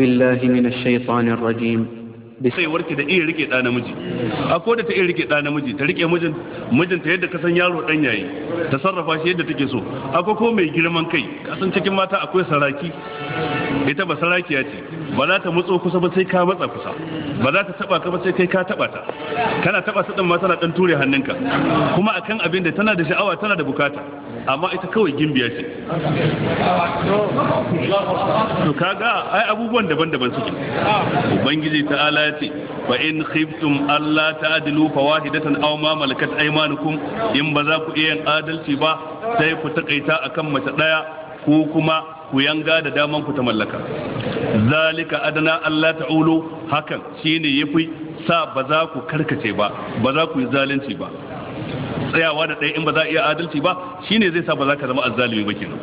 بالله من الشيطان الرجيم sai warke da iya rike da namiji akwai da ta iya rike da namiji ta rike mijin mijin ta yadda kasan yaro dan yayi ta sarrafa shi yadda take so akwai ko mai girman kai kasan cikin mata akwai saraki ita ba sarakiya ce ba za ta mutso kusa ba sai ka matsa kusa ba za ta taba ka ba sai kai ka taba ta kana taba ta din ma tana dan ture hannunka kuma akan abin da tana da sha'awa tana da bukata amma ita kawai gimbiya ce to kaga ai abubuwan daban-daban suke ubangiji ta'ala ya ce fa in khiftum alla ta'dilu fawahidatan aw ma malakat aymanukum in ba za ku iya yin adalci ba sai ku takaita akan mace daya ko kuma ku yanga da daman ku ta mallaka zalika adana Allah ta'ulu hakan shine yafi sa ba za ku karkace ba ba za ku yi zalunci ba tsayawa da ɗaya in ba za a iya adalci ba shine zai sa ba za ka zama azzalimi ba kenan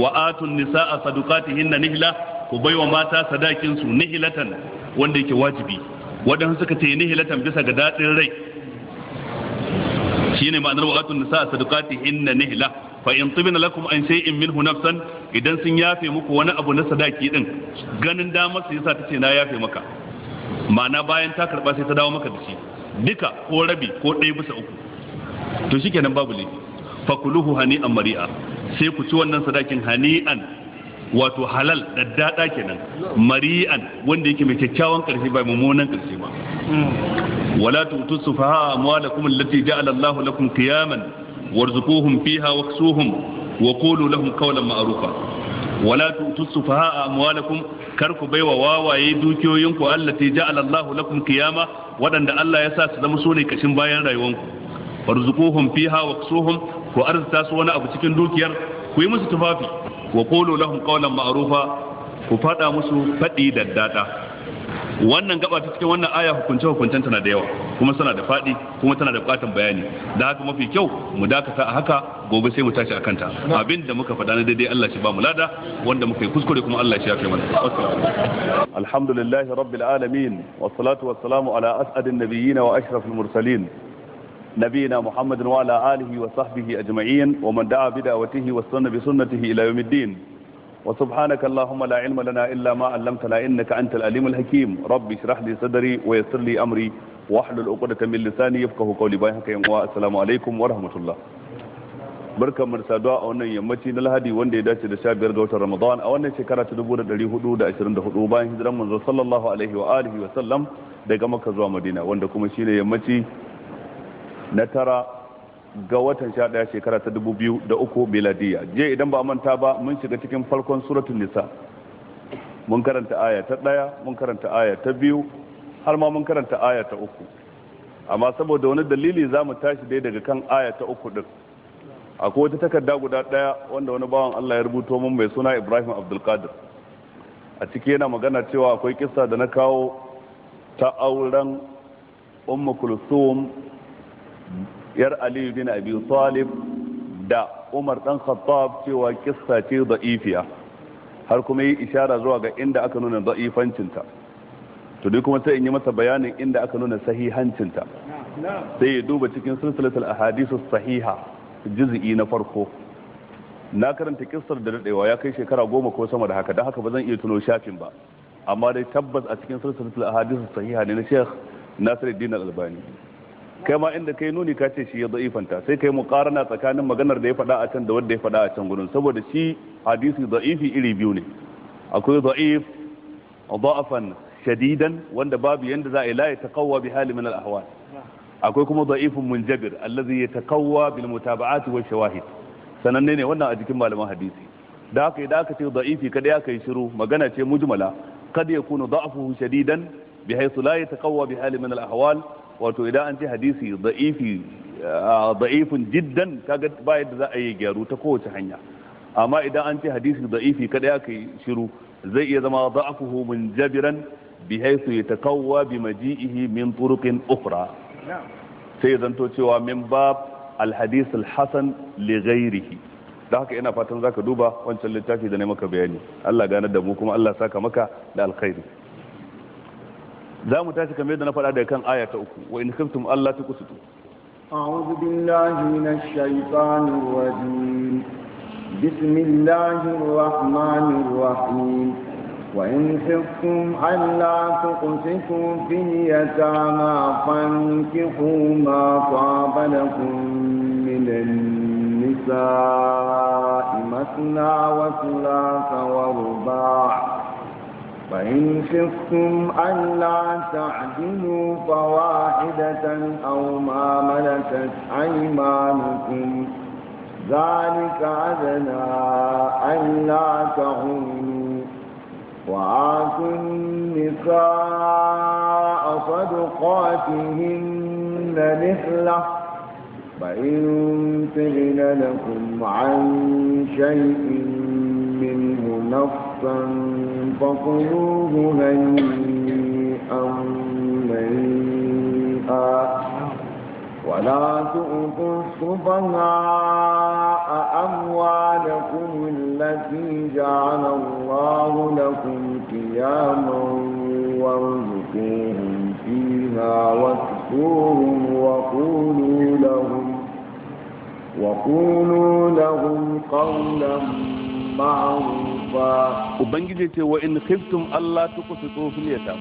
wa atun nisaa sadaqatihinna nihla ku baiwa mata sadakin su nihlatan wanda yake wajibi wadan suka ce nihlatan bisa ga dadin rai shine ma'anar wa atun nisaa sadaqatihinna nihla fa in tibna lakum an shay'in minhu nafsan idan sun yafe muku wani abu na sadaki din ganin damar su yasa tace na yafe maka ma'ana bayan ta karba sai ta dawo maka da shi duka ko rabi ko ɗaya bisa uku to shikenan babu ne? fa kuluhu hani'an mari'a sai ku ci wannan sadakin hani'an wato halal da dada kenan mari'an wanda yake mai kyakkyawan karfi ba mummunan karfi ba hmm. wala tutu amwalakum allati ja'ala Allahu lakum qiyaman warzuquhum fiha waksuhum wa qulu lahum qawlan ma'rufa wala tu'tu sufaha'a amwalakum kar ku baiwa wawaye dukiyoyinku allati ja'ala Allahu lakum qiyama wadanda Allah ya sa su zama sune kashin bayan rayuwanku warzuquhum fiha waksuhum ku arzuta su wani abu cikin dukiyar ku yi musu tufafi wa qulu ku faɗa musu da daddada wannan gaba ta cikin wannan aya hukunce hukuncen tana da yawa kuma suna da faɗi kuma tana da bukatar bayani da haka mafi kyau mu dakata a haka gobe sai mu tashi akan ta abin da muka faɗa na daidai Allah shi ba mu lada wanda muka yi kuskure kuma Allah shi ya kai mana alhamdulillahi rabbil alamin wassalatu wassalamu ala as'adin nabiyyina wa ashrafil mursalin نبينا محمد وعلى آله وصحبه أجمعين ومن دعا بدعوته والسنة بسنته إلى يوم الدين وسبحانك اللهم لا علم لنا إلا ما علمتنا إنك أنت الأليم الحكيم ربي اشرح لي صدري ويسر لي أمري واحلل عقدة من لساني يفقهوا قولي بايحك السلام عليكم ورحمة الله barkan mu saduwa a wannan yammaci na Lahadi wanda ya dace da 15 ga watan Ramadan a wannan shekara ta hudu bayan hijiran manzo sallallahu alaihi wa alihi wa sallam daga maka zuwa Madina wanda kuma shine yammaci na tara ga watan sha ɗaya shekara ta dubu biyu da uku miladiya je idan ba manta ba mun shiga cikin farkon suratun nisa mun karanta aya ta ɗaya mun karanta aya ta biyu har ma mun karanta aya ta uku amma saboda wani dalili za mu tashi dai daga kan aya ta uku ɗin akwai wata takarda guda ɗaya wanda wani bawan Allah ya rubuto mun mai suna Ibrahim Abdulkadir a ciki yana magana cewa akwai kisa da na kawo ta auren Ummu kulsum yar aliyu bin abi talib da umar dan khattab cewa kissa ce da'ifiya har kuma yi ishara zuwa ga inda aka nuna da'ifancinta to dai kuma sai in yi masa bayanin inda aka nuna sahihancinta sai ya duba cikin silsilatul ahadisu sahiha juz'i na farko na karanta kissar da dadewa ya kai shekara goma ko sama da haka dan haka ba zan iya tuno shafin ba amma dai tabbas a cikin silsilatul ahadisu sahiha ne na Sheikh Nasiruddin Al-Albani kai ma inda kai nuni ka ce shi ya da'ifanta sai kai karana tsakanin maganar da ya faɗa a can da wanda ya faɗa a can gurin saboda shi hadisi da'ifi iri biyu ne akwai da'if da'afan shadidan wanda babu yanda za a yi la yataqawwa bi hali min al akwai kuma da'ifun munjabir allazi yataqawwa bil mutaba'ati wa shawahid sananne ne wannan a jikin malaman hadisi da haka idan aka ce da'ifi kada ya kai shiru magana ce mujmala kada ya kunu da'afuhu shadidan bihaythu la yataqawwa bi hali min al-ahwal wato idan an ce hadisi da'ifin jiddan kaga ba yadda za a yi gyaru ta kowace hanya amma idan an ce hadisi da'ifi kada aka yi shiru zai iya zama da'afuhu min jabiran bi haythu yatakawwa bi maji'ihi min turuqin ukhra sai zanto cewa min ba alhadis alhasan al li da haka ina fatan zaka duba wancan littafi da ne maka bayani Allah ganar da mu kuma Allah saka maka da alkhairi za mu tashi kamar yadda na faɗa da kan aya ta uku wa in kamtum Allah ta kusutu a'udhu billahi minash shaitanir rajim bismillahir rahmanir rahim wa in kamtum Allah ta kusutu bin yatama fankihu ma qabalakum min النساء مثنى وثلاث ورباع فإن خفتم ألا تعدلوا فواحدة أو ما ملكت أيمانكم ذلك أدنى ألا تهونوا وآتوا النساء صدقاتهن نحلة فإن تغن لكم عن شيء منه نفسا فقلوه هنيئا مريئا ولا تؤتوا السفهاء أموالكم التي جعل الله لكم قياما وارزقوهم فيها واكسوهم وقولوا لهم وقولوا لهم قولا ubangiji ce wa in khiftum Allah tuqsitu fil ba.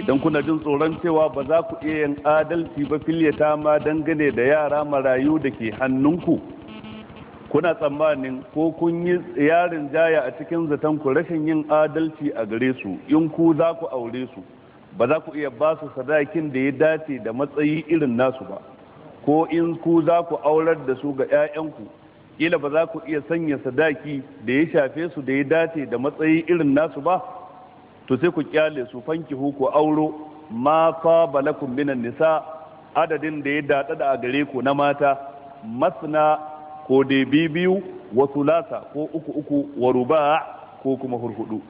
idan kuna jin tsoron cewa ba za ku iya yin adalci ba filyata ma dangane da yara marayu da ke hannunku kuna tsammanin ko kun yi yarin jaya a cikin zaton ku rashin yin adalci a gare su in ku za ku aure su ba za ku iya ba su sadakin da ya dace da matsayi irin nasu ba ko in ku za ku aurar da su ga 'ya'yanku kila ba za ku iya sanya sadaki da ya shafe su da ya dace da matsayi irin nasu ba to sai ku kyale su fanki ku auro ma fa balakum minan nisa adadin da ya dada da a gare ku na mata masna ko da biyu wa sulasa ko uku uku wa ruba' ko kuma hurhudu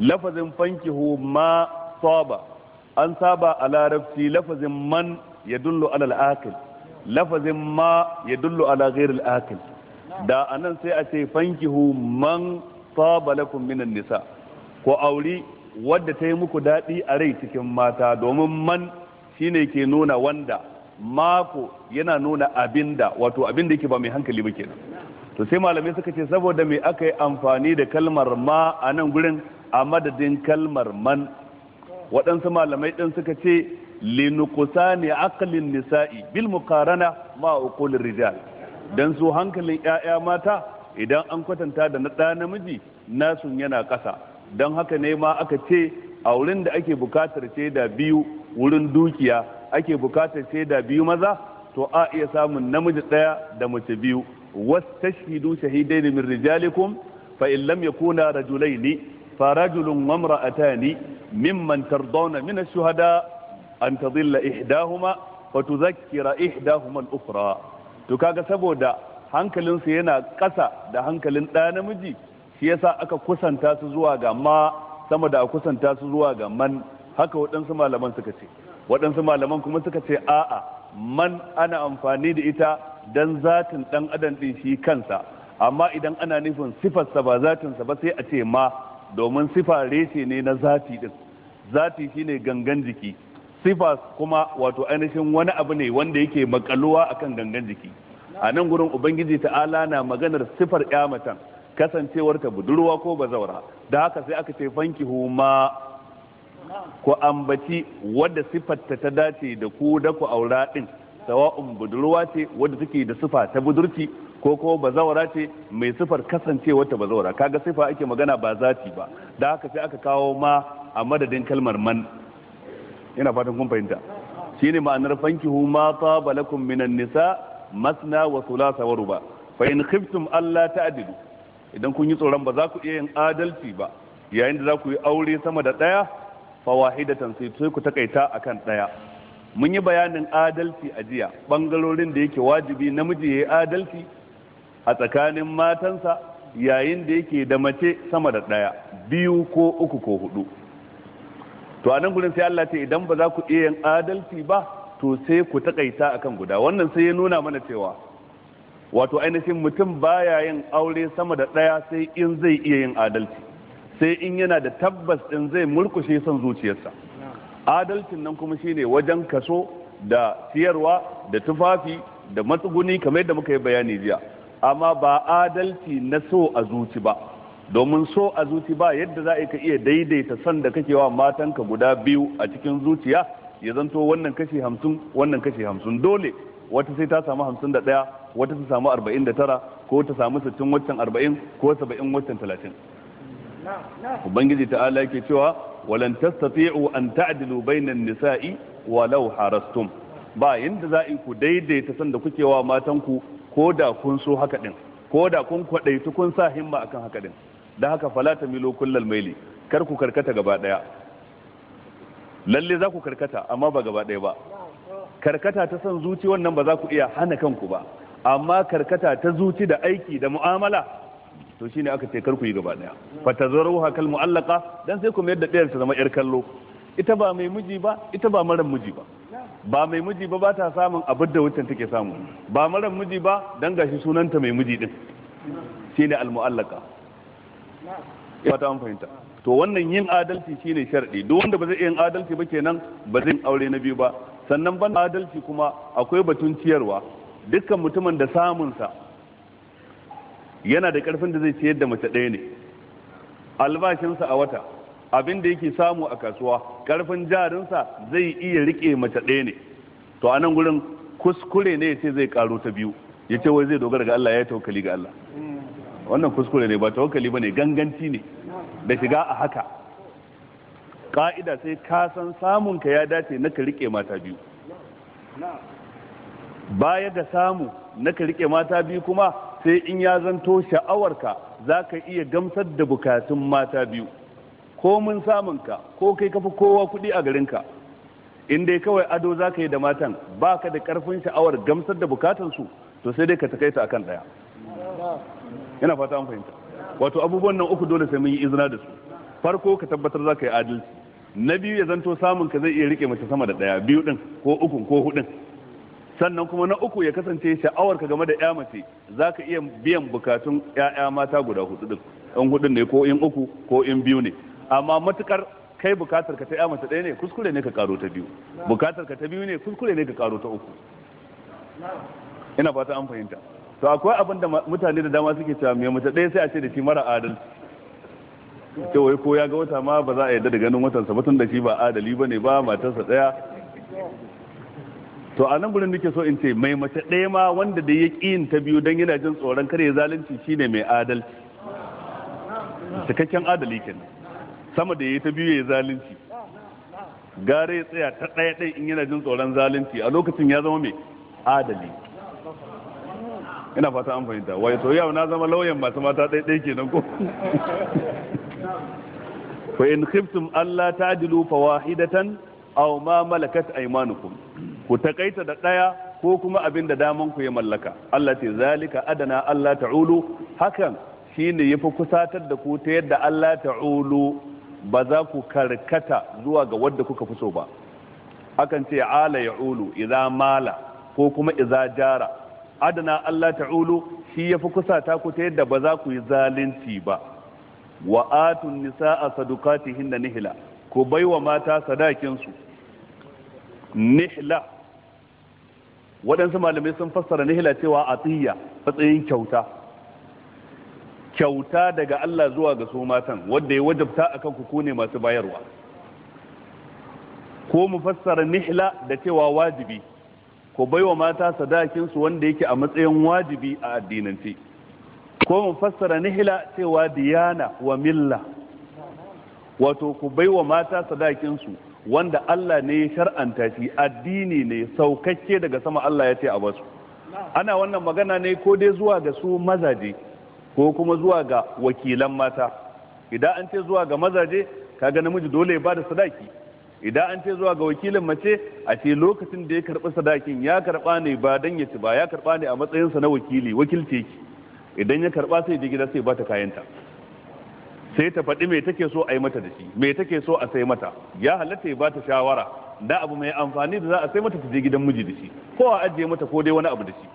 lafazin hu ma saba an saba a larabci lafazin man ya dullo alal akil lafazin ma ya dullu ala ghairil akil da anan sai a ce fankihu man saba lakum minan nisa ko auri wadda ta yi muku daɗi a rai cikin mata domin man shine ke nuna wanda mako yana nuna abinda wato abinda yake ba mai hankali ba kenan to sai malamai suka ce saboda me aka yi amfani da kalmar ma a nan gurin a madadin kalmar man waɗansu malamai ɗin suka ce linukusani aqlin nisa'i bil muqarana ma uqulir rijal dan su hankalin 'ya'ya mata idan an kwatanta da na ɗa namiji nasun yana ƙasa don haka ne ma aka ce a wurin da ake bukatar shaida biyu wurin dukiya ake bukatar shaida biyu maza to a iya samun namiji ɗaya da mace biyu shahidai ne min rijalikum fa in lam yakuna rajulaini fa rajulun wa imra'atani mimman tardawna min ash-shuhada an tadilla ihdahuma fa tudhakkira ihdahuma al-ukhra to kaga saboda hankalinsu yana ƙasa da hankalin ɗa namiji shi yasa aka kusanta su zuwa ga ma sama da kusanta su zuwa ga man haka waɗansu malaman suka ce waɗansu malaman kuma suka ce a'a man ana amfani da ita don zatin ɗan adam ɗin shi kansa amma idan ana nufin sifarsa ba zatinsa ba sai a ce ma domin sifa reshe ne na zati ɗin zati shine gangan jiki sifas kuma wato ainihin wani abu ne wanda yake makaluwa akan gangan jiki a nan gurin ubangiji ta'ala na maganar sifar yamatan kasancewar ta budurwa ko bazawara da haka sai aka ce fanki huma ku ambaci wadda sifarta ta dace da ku da ku aura din sawa'un budurwa ce wadda take da sifa ta budurci ko ko bazawara ce mai sifar kasancewar ta bazawara kaga sifa ake magana ba zati ba da haka sai aka kawo ma a madadin kalmar man yana fatan kun fahimta shine ma'anar fanki hu ma taba lakum minan nisa masna wa thulatha wa ruba fa in khiftum alla ta'dilu idan kun yi tsoron ba za ku iya yin adalci ba yayin da za ku yi aure sama da daya fa wahidatan sai sai ku takaita akan daya mun yi bayanin adalci a jiya bangarorin da yake wajibi namiji yayi adalci a tsakanin matansa yayin da yake da mace sama da daya biyu ko uku ko hudu to a nan gudun sai Allah ce idan ba za ku iya yin adalci ba to sai ku takaita akan guda wannan sai ya nuna mana cewa wato ainihin mutum baya yin aure sama da ɗaya sai in zai iya yin adalci sai in yana da tabbas ɗin zai murkushe son zuciyarsa adalcin nan kuma shine wajen kaso da ciyarwa da tufafi da matsuguni kamar yadda muka yi bayani jiya amma ba adalci na so a zuci ba domin so a zuci ba yadda za ka iya daidaita son da kake wa matanka guda biyu a cikin zuciya ya zanto wannan kashi hamsin wannan kashi hamsin dole wata sai ta samu hamsin da ɗaya wata ta samu arba'in da tara ko ta samu sittin waccan arba'in ko saba'in waccan talatin ubangiji ta'ala yake cewa walan tastati'u an ta'dilu bainan nisa'i walau harastum ba yadda za ku daidaita san da kuke wa matanku ko da kun so haka din ko da kun kwadaitu kun sa himma akan haka din da haka falata milo kullal maili kar ku karkata gaba daya lalle za ku karkata amma ba gaba daya ba karkata ta san zuci wannan ba za ku iya hana kanku ba amma karkata ta zuci da aiki da mu'amala to shine aka ce kar ku yi gaba daya fa ruwa kal mu'allaqa dan sai ku mayar da ɗayar ta zama yar kallo ita ba mai miji ba ita ba maran miji ba ba mai miji ba ba ta samun abin da wancan take samu ba maran miji ba dan gashi sunanta mai miji din shine al mu'allaqa ta an fahimta to wannan yin adalci shine sharadi duk wanda ba zai yin adalci ba kenan ba zai aure na biyu ba sannan ban adalci kuma akwai batun ciyarwa dukkan mutumin da samun sa yana da karfin da zai ciyar da mace ɗaya ne albashinsa a wata abin da yake samu a kasuwa karfin jarinsa zai iya rike mace ɗaya ne to a nan gurin kuskure ne ya ce zai karo ta biyu ya ce wai zai dogara ga Allah ya yi tawakkali ga Allah wannan kuskure ne ba tawakkali bane ganganci ne da shiga a haka ka'ida sai ka san samun ka ya dace na ka rike mata biyu baya ga samu na ka rike mata biyu kuma sai in ya zanto sha'awarka za ka iya gamsar da bukatun mata biyu ko mun samun ka ko kai kafi kowa kuɗi a garinka in dai kawai ado za ka yi da matan ba ka da ƙarfin sha'awar gamsar da bukatansu to sai dai ka a akan ɗaya yana fata an fahimta wato abubuwan nan uku dole sai mun yi izina da su farko ka tabbatar za ka yi adalci na biyu ya zanto samun ka zai iya rike mace sama da daya biyu din ko ukun ko hudun sannan kuma na uku ya kasance sha'awar ka game da ya mace za ka iya biyan bukatun ya'ya mata guda hudu din in hudun ne ko in uku ko in biyu ne amma matukar kai bukatar ka ta ya mace ɗaya ne kuskure ne ka karo ta biyu bukatar ka ta biyu ne kuskure ne ka karo ta uku ina fata an fahimta to akwai abin da mutane da dama suke cewa mai mace ɗaya sai a ce da shi mara adalci ce wai ko ya ga wata ma ba za a yarda da ganin watansa ba tun da shi ba adali ba ne ba matarsa ɗaya to a nan gurin nake so in ce mai mace ɗaya ma wanda da ya ƙi ta biyu don yana jin tsoron kare zalunci shine mai adalci cikakken adali kenan sama da ya ta biyu ya zalunci gare ya tsaya ta ɗaya ɗaya in yana jin tsoron zalunci a lokacin ya zama mai adali ina fata an fahimta wai to yau na zama lauyan masu mata ɗaiɗai kenan ko fa in khiftum alla ta'dilu wahidatan aw ma malakat aymanukum ku takaita da daya ko kuma abinda daman ku ya mallaka Allah ce zalika adana Allah ta'ulu hakan shine yafi kusatar da ku ta yadda Allah ta'ulu ba za ku karkata zuwa ga wadda kuka fi so ba akan ce ala ya'ulu idza mala ko kuma idza jara adana Allah ta'ulu shi yafi kusata ku ta yadda ba za ku yi zalunci ba wa atun nisaa sadukatihin da nihla ku baiwa mata sadakinsu. su waɗansu malamai sun fassara nihla cewa atiyya matsayin kyauta kyauta daga Allah zuwa ga su matan wanda ya wajabta akan ku ku masu bayarwa ko mu fassara nihila da cewa wajibi ku baiwa mata sadakinsu wanda yake a matsayin wajibi a addinance ko mu fassara nihila cewa diyana wa milla wato ku baiwa mata sadakinsu wanda Allah ne ya shar'anta shi addini ne saukakke daga sama Allah ya ce a basu ana wannan magana ne ko dai zuwa ga su mazaje ko kuma zuwa ga wakilan mata idan an ce zuwa ga mazaje kaga namiji dole ya bada sadaki idan an ce zuwa ga wakilin mace a ce lokacin da ya karɓi sadakin ya karɓa ne ba dan ya ci ba ya karɓa ne a matsayinsa na wakili wakilce ki idan ya karɓa sai je gida sai ba kayanta sai ta faɗi me take so a yi mata da shi me take so a sai mata ya halatta ya ba shawara da abu mai amfani da za a sai mata ta je gidan miji da shi ko a ajiye mata ko dai wani abu da shi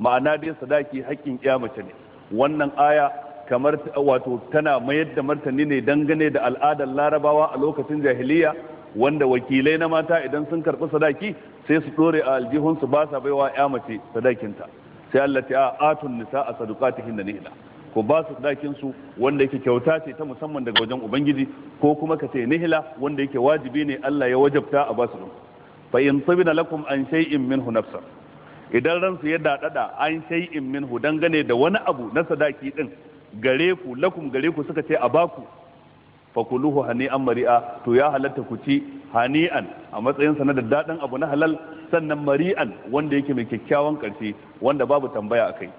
ma'ana dai sadaki haƙƙin iya mace ne wannan aya kamar wato tana mayar da martani ne dangane da al'adar larabawa a lokacin jahiliya wanda wakilai na mata idan sun karɓi sadaki sai su ɗore a aljihunsu ba sa baiwa ya mace sadakinta sai Allah ta atun nisa a sadukatihin da nihila ko ba su sadakin su wanda yake kyauta ce ta musamman daga wajen ubangiji ko kuma ka ce nihila wanda yake wajibi ne Allah ya wajabta a ba su fa in tsibina lakum an shay'in minhu nafsa idan ransu ya daɗaɗa an shay'in minhu dangane da wani abu na sadaki din gare ku lakum gare ku suka ce a baku fakuluhu hani'an mari'a to ya halatta ku ci hani'an a matsayin sa na da daɗin abu na halal sannan mari'an wanda yake mai kyakkyawan karshe wanda babu tambaya a kai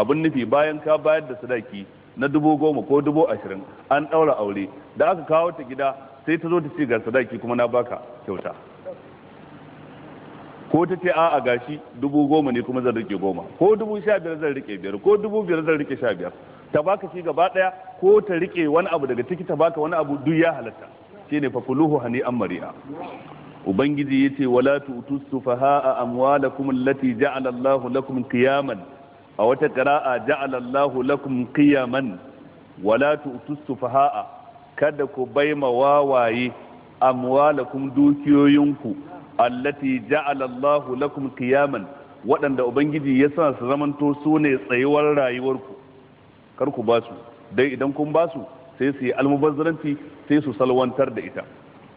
abin nufi bayan ka bayar da sadaki na dubu goma ko dubu ashirin an ɗaura aure da aka kawo ta gida sai ta zo ta ci ga sadaki kuma na baka kyauta ko ta ce a'a gashi dubu goma ne kuma zan rike goma ko dubu sha biyar zan rike biyar ko dubu biyar zan rike sha biyar ta baka shi gaba daya ko ta rike wani abu daga ciki ta baka wani abu duk ya halatta shi fa kuluhu hani an mari'a ubangiji ya ce wala tu'tu amwala kuma lati ja'ala Allahu lakum qiyaman a wata qira'a ja'ala Allahu lakum qiyaman wala tu'tu sufaha'a kada ku bai ma wawaye kuma dukiyoyinku allati ja'ala Allah lakum qiyaman waɗanda ubangiji ya sa su zamanto su ne tsayuwar rayuwarku kar ku ba su dai idan kun ba su sai su yi almubazzaranci sai su salwantar da ita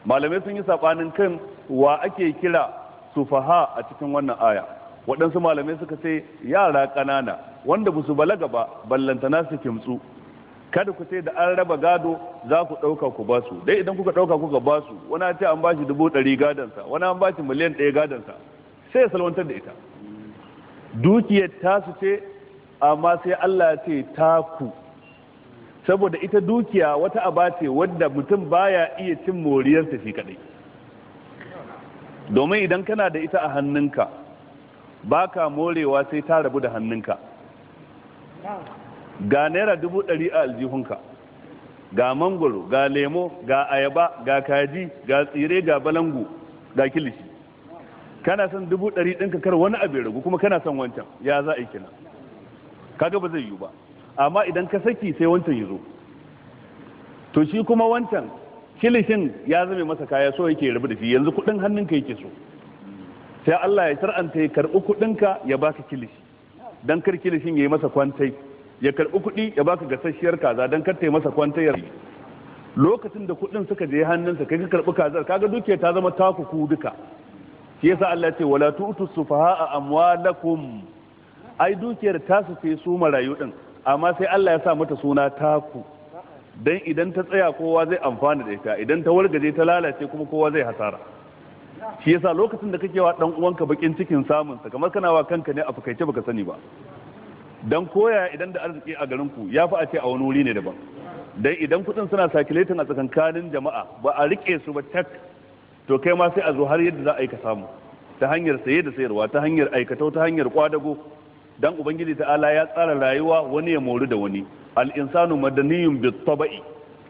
malamai sun yi sabanin kan wa ake kira sufaha a cikin wannan aya waɗansu malamai suka ce yara ƙanana wanda ba su balaga ba ballantana su kimtsu kada ku ce da an raba gado za ku ɗauka ku ba su dai idan kuka ɗauka kuka ba su wani ce an ba shi dubu ɗari gadansa wani an ba shi miliyan ɗaya gadansa sai ya salwantar da ita dukiyar tasu ce amma sai Allah ya ce ku saboda ita dukiya wata aba ce wadda mutum baya iya cin moriyarsa shi kaɗai domin idan kana da ita a hannunka baka morewa sai ta rabu da hannunka ga naira dubu ɗari a aljihunka ga mangoro ga lemo ga ayaba ga kaji ga tsire ga balangu ga kilishi kana son dubu ɗari ɗinka kar wani abin ragu kuma kana son wancan ya za a yi kina kaga ba zai yiwu ba amma idan ka saki sai wancan ya zo to shi kuma wancan kilishin ya zame masa kaya so yake rabu da shi yanzu kuɗin hannunka yake so sai Allah ya shar'anta ya karɓi kuɗinka ya baka kilishi dan kar kilishin ya yi masa kwantai ya karbi kuɗi ya baka gasasshiyar kaza don kar ta yi masa kwantayar lokacin da kuɗin suka je hannunsa kai ka karbi kazar kaga dukiya ta zama taku ku duka shi yasa Allah ce wala tu'tu sufaha amwalakum ai dukiyar tasu ce su marayu din amma sai Allah ya sa mata suna taku dan idan ta tsaya kowa zai amfana da ita idan ta wargaje ta lalace kuma kowa zai hasara shi yasa lokacin da kake wa dan uwanka bakin cikin samunsa, kamar kana wa kanka ne a fakaice baka sani ba dan koya idan da arziki a garin ku ya fi a ce a wani wuri ne daban dan idan kuɗin suna circulating a tsakankanin jama'a ba a rike su ba tak to kai ma sai a zo har yadda za a yi ka samu ta hanyar saye da sayarwa ta hanyar aikatau ta hanyar kwadago dan ubangiji ta'ala ya tsara rayuwa wani ya mori da wani al insanu madaniyun bi tabai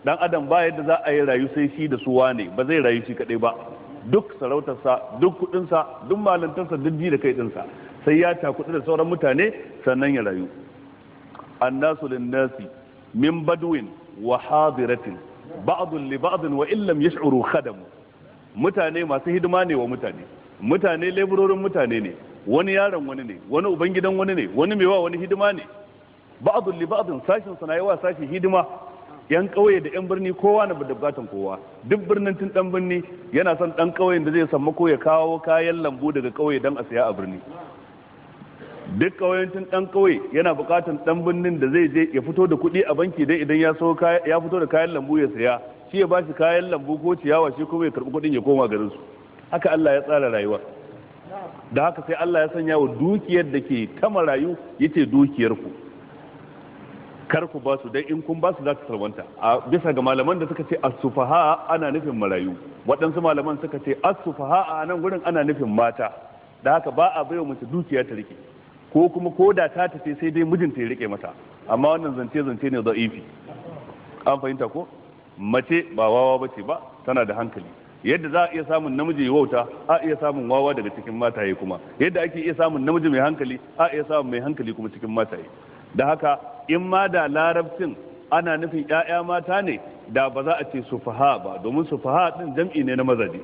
dan adam ba yadda za a yi rayu sai shi da suwa ne ba zai rayu shi kadai ba duk sarautarsa duk kudinsa duk malantarsa duk ji da kai dinsa sai ya taku da sauran mutane sannan ya rayu annasu nasi min badwin wa hadiratin ba'dun li ba'dun wa illam yash'uru khadam mutane masu hidima ne wa mutane mutane leburorin mutane ne wani yaron wani ne wani ubangidan wani ne wani mai wa wani hidima ne ba'dun li ba'dun sashin suna wa sashi hidima yan kauye da yan birni kowa na da bukatan kowa duk birnin tun dan birni yana son dan kauyen da zai samu ko ya kawo kayan lambu daga kauye dan a siya a birni duk kawayancin dan kauye yana bukatan ɗan birnin da zai je ya fito da kuɗi a banki dai idan ya so ya fito da kayan lambu ya saya shi ya bashi kayan lambu ko ciyawa shi kuma ya karbi kuɗin ya koma garin su haka Allah ya tsara rayuwa da haka sai Allah ya sanya wa dukiyar da ke ta marayu yace dukiyar ku kar ku ba su dai in kun ba su za su sarwanta a bisa ga malaman da suka ce as-sufaha ana nufin marayu waɗansu malaman suka ce as-sufaha a nan gurin ana nufin mata da haka ba a baiwa mace dukiya ta rike ko kuma ko da ta tafi sai dai mijinta ya rike mata amma wannan zance zance ne da'ifi an fahimta ko mace ba wawa ba ce ba tana da hankali yadda za a iya samun namiji ya wauta a iya samun wawa daga cikin mataye kuma yadda ake iya samun namiji mai hankali a iya samun mai hankali kuma cikin mataye da haka in ma da larabcin ana nufin 'ya'ya mata ne da ba za a ce sufaha ba domin sufaha din jam'i ne na mazaje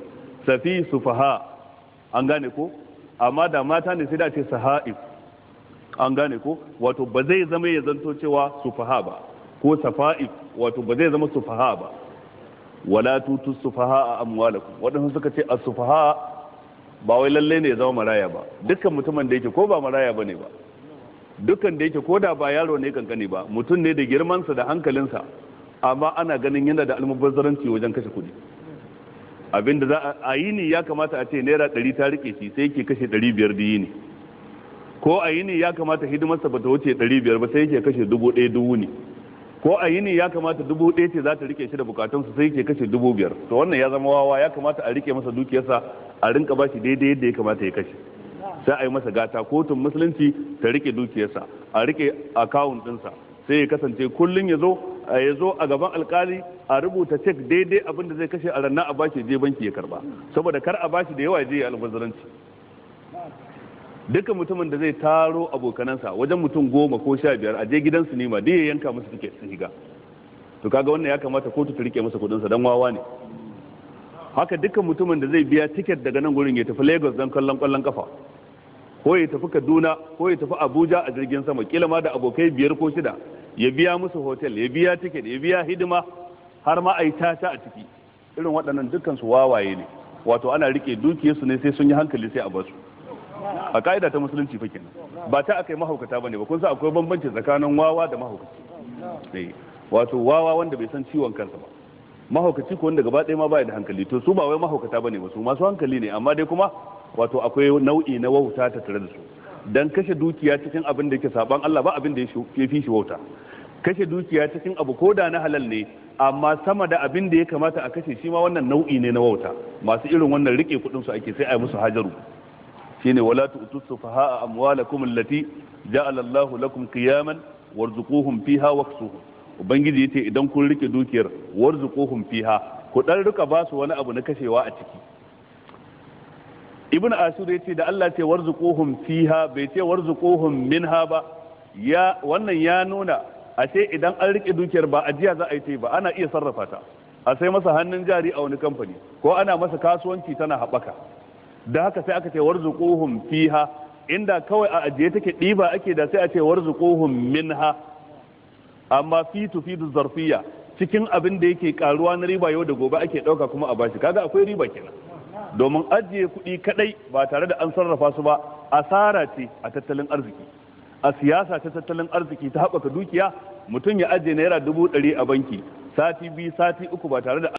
safi sufaha an gane ko amma da mata ne sai da ce saha'if an gane ko wato ba zai zama ya zanto cewa sufaha ba ko safa'i wato ba zai zama sufaha ba wala tutu sufaha a amwalakum waɗansu suka ce a sufaha ba wai lalle ne ya zama maraya ba dukkan mutumin da yake ko ba maraya ba ne ba dukkan da yake ko da ba yaro ne kankani ba mutum ne da girmansa da hankalinsa amma ana ganin yana da almubazzaranci wajen kashe kuɗi abinda za a yi ne ya kamata a ce naira ɗari ta rike shi sai yake kashe ɗari biyar da yi ne ko a yini ya kamata hidimarsa ba ta wuce 500 biyar ba sai yake kashe dubu ɗaya dubu ne ko a yini ya kamata dubu ɗaya ce za ta rike shi da bukatunsa sai yake kashe dubu biyar to wannan ya zama wawa ya kamata a rike masa dukiyarsa a rinka bashi daidai yadda ya kamata ya kashe sai a yi masa gata kotun musulunci ta rike dukiyarsa a rike akawun ɗinsa sai ya kasance kullum ya zo ya zo a gaban alkali a rubuta cek daidai abinda da zai kashe a ranar a bashi je banki ya karba saboda kar a bashi da yawa ya je ya albazaranci dukkan mutumin da zai taro abokanansa wajen mutum goma ko sha biyar a je gidan sinima da ya yanka musu tiket su shiga to kaga wannan ya kamata kotu ta rike masa kudinsa dan wawa ne haka dukkan mutumin da zai biya tiket daga nan gurin ya tafi lagos don kallon kwallon kafa ko ya tafi kaduna ko ya tafi abuja a jirgin sama kila ma da abokai biyar ko shida ya biya musu hotel ya biya tiket ya biya hidima har ma a yi tata a ciki irin waɗannan dukkan su wawaye ne wato ana rike dukiyarsu ne sai sun yi hankali sai a basu a ka'ida ta musulunci fa kenan ba ta akai mahaukata bane ba kun san akwai bambanci tsakanin wawa da mahaukaci eh, wato wawa wanda bai san ciwon kansa ba mahaukaci ko wanda gaba ɗaya ma baya da hankali to su ba wai mahaukata bane ba su masu hankali ne amma dai kuma wato akwai nau'i na wauta ta tare da su dan kashe dukiya cikin abin da yake saban Allah ba abin da ya fi shi wauta kashe dukiya cikin abu ko da na halal ne amma sama da abin da ya kamata a kashe shi ma wannan nau'i ne na wauta masu irin wannan rike kudin su ake sai a yi musu hajaru shine wala tu'tu sufaha'a amwalakum allati ja'ala Allahu lakum qiyaman warzuquhum fiha waksuhum ubangiji yace idan kun rike dukiyar warzuquhum fiha ku dan rika ba su wani abu na kashewa a ciki ibn asir yace da Allah ce warzuquhum fiha bai ce warzuquhum minha ba ya wannan ya nuna ashe idan an rike dukiyar ba ajiya za a yi ba ana iya sarrafa ta a sai masa hannun jari a wani kamfani ko ana masa kasuwanci tana haɓaka da haka sai aka ce warzuquhum fiha inda kawai a ajiye take diba ake da sai a ce warzuquhum minha amma fi tufidu zarfiya cikin abin da yake karuwa na riba yau da gobe ake dauka kuma a bashi kaga akwai riba kenan domin ajiye kuɗi kadai ba tare da an sarrafa su ba asara ce a tattalin arziki a siyasa ta tattalin arziki ta haɓaka dukiya mutum ya ajiye naira dubu ɗari a banki sati biyu sati uku ba tare da